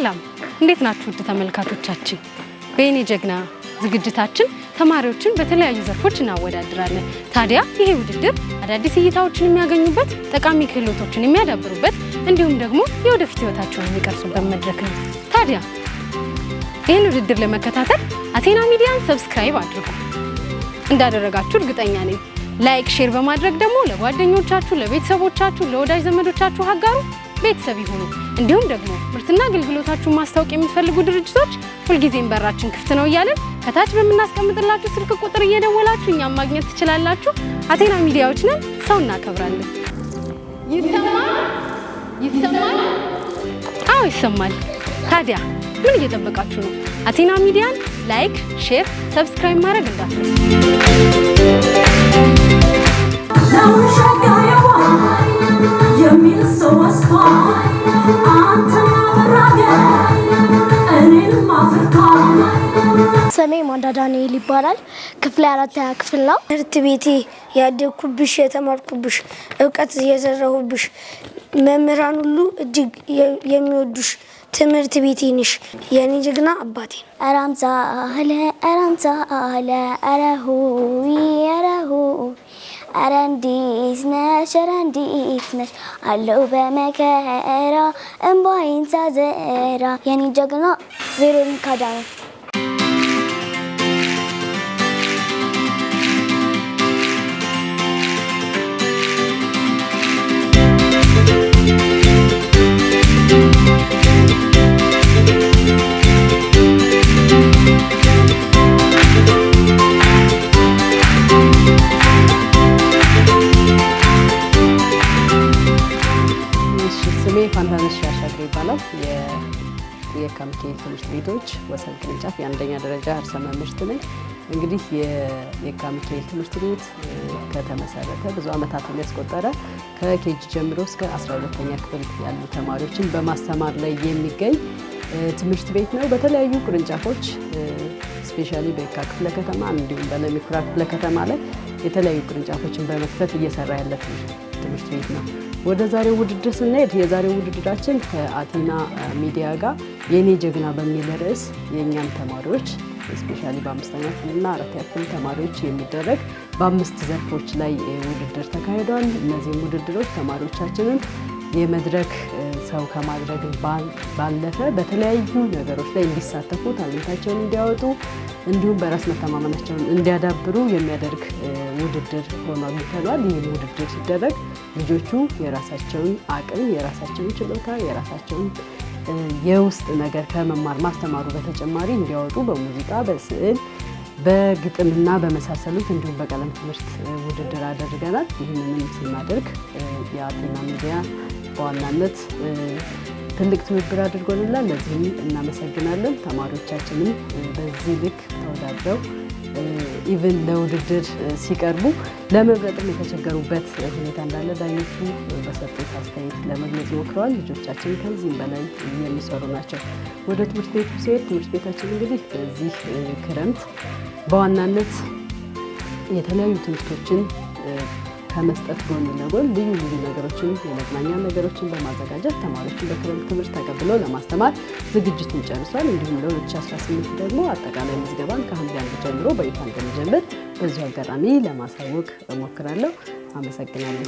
ሰላም እንዴት ናችሁ? ውድ ተመልካቾቻችን በየኔ ጀግና ዝግጅታችን ተማሪዎችን በተለያዩ ዘርፎች እናወዳድራለን። ታዲያ ይሄ ውድድር አዳዲስ እይታዎችን የሚያገኙበት፣ ጠቃሚ ክህሎቶችን የሚያዳብሩበት እንዲሁም ደግሞ የወደፊት ህይወታቸውን የሚቀርጹበት መድረክ ነው። ታዲያ ይህን ውድድር ለመከታተል አቴና ሚዲያን ሰብስክራይብ አድርጉ። እንዳደረጋችሁ እርግጠኛ ነኝ። ላይክ፣ ሼር በማድረግ ደግሞ ለጓደኞቻችሁ፣ ለቤተሰቦቻችሁ፣ ለወዳጅ ዘመዶቻችሁ አጋሩ። ቤተሰብ ይሁኑ። እንዲሁም ደግሞ ምርትና አገልግሎታችሁን ማስታወቅ የምትፈልጉ ድርጅቶች ሁልጊዜም በራችን ክፍት ነው እያለን ከታች በምናስቀምጥላችሁ ስልክ ቁጥር እየደወላችሁ እኛም ማግኘት ትችላላችሁ። አቴና ሚዲያዎች ነን። ሰው እናከብራለን። ይሰማል፣ ይሰማል። አዎ ይሰማል። ታዲያ ምን እየጠበቃችሁ ነው? አቴና ሚዲያን ላይክ፣ ሼር፣ ሰብስክራይብ ማድረግ እንዳትረሱ። ስሜ ማንዳ ዳንኤል ይባላል። ክፍል አራተኛ ክፍል ነው። ትምህርት ቤቴ ያደግኩብሽ፣ የተማርኩብሽ፣ እውቀት የዘረሁብሽ መምህራን ሁሉ እጅግ የሚወዱሽ ትምህርት ቤቴ ነሽ የኔ ጀግና አባቴ። አራምዛ አለ አራምዛ አለ አረሁ አረሁ አረ እንዴት ነሽ አረ እንዴት ነሽ አለው በመከራ እንባይን ሳዘራ የኔ ጀግና ቬሮኒካ ዳነ የሚባለው የካምኬ ትምህርት ቤቶች ወሰን ቅርንጫፍ የአንደኛ ደረጃ ርዕሰ መምህርት ነኝ። እንግዲህ የካሚካኤል ትምህርት ቤት ከተመሰረተ ብዙ ዓመታትን ያስቆጠረ ከኬጅ ጀምሮ እስከ 12ተኛ ክፍል ያሉ ተማሪዎችን በማስተማር ላይ የሚገኝ ትምህርት ቤት ነው። በተለያዩ ቅርንጫፎች ስፔሻሊ በየካ ክፍለ ከተማ እንዲሁም በለሚኩራ ክፍለ ከተማ ላይ የተለያዩ ቅርንጫፎችን በመክፈት እየሰራ ያለ ትምህርት ቤት ነው። ወደ ዛሬው ውድድር ስናሄድ የዛሬው ውድድራችን ከአቴና ሚዲያ ጋር የእኔ ጀግና በሚል ርዕስ የእኛም ተማሪዎች ስፔሻሊ በአምስተኛ ክፍልና አራተኛ ክፍል ተማሪዎች የሚደረግ በአምስት ዘርፎች ላይ ውድድር ተካሂዷል። እነዚህም ውድድሮች ተማሪዎቻችንን የመድረክ ሰው ከማድረግ ባለፈ በተለያዩ ነገሮች ላይ እንዲሳተፉ ታለንታቸውን እንዲያወጡ እንዲሁም በራስ መተማመናቸውን እንዲያዳብሩ የሚያደርግ ውድድር ሆኖ አግኝተናል። ይህ ውድድር ሲደረግ ልጆቹ የራሳቸውን አቅም፣ የራሳቸውን ችሎታ፣ የራሳቸውን የውስጥ ነገር ከመማር ማስተማሩ በተጨማሪ እንዲያወጡ በሙዚቃ በስዕል በግጥምና በመሳሰሉት እንዲሁም በቀለም ትምህርት ውድድር አድርገናል። ይህንንም ስናደርግ የአቴና ሚዲያ በዋናነት ትልቅ ትብብር አድርጎንላል። ለዚህም እናመሰግናለን። ተማሪዎቻችንም በዚህ ልክ ተወዳድረው ኢቭን ለውድድር ሲቀርቡ ለመምረጥም የተቸገሩበት ሁኔታ እንዳለ ዳኞቹ በሰጡት አስተያየት ለመግለጽ ሞክረዋል። ልጆቻችን ከዚህም በላይ የሚሰሩ ናቸው። ወደ ትምህርት ቤቱ ሲሄድ ትምህርት ቤታችን እንግዲህ በዚህ ክረምት በዋናነት የተለያዩ ትምህርቶችን ከመስጠት ጎን ለጎን ልዩ ልዩ ነገሮችን የመዝናኛ ነገሮችን በማዘጋጀት ተማሪዎችን በክረምት ትምህርት ተቀብሎ ለማስተማር ዝግጅትን ጨርሷል። እንዲሁም ለ2018 ደግሞ አጠቃላይ ምዝገባን ከሐምሌ አንድ ጀምሮ በይፋ እንደሚጀምር በዚሁ አጋጣሚ ለማሳወቅ እሞክራለሁ። አመሰግናለሁ።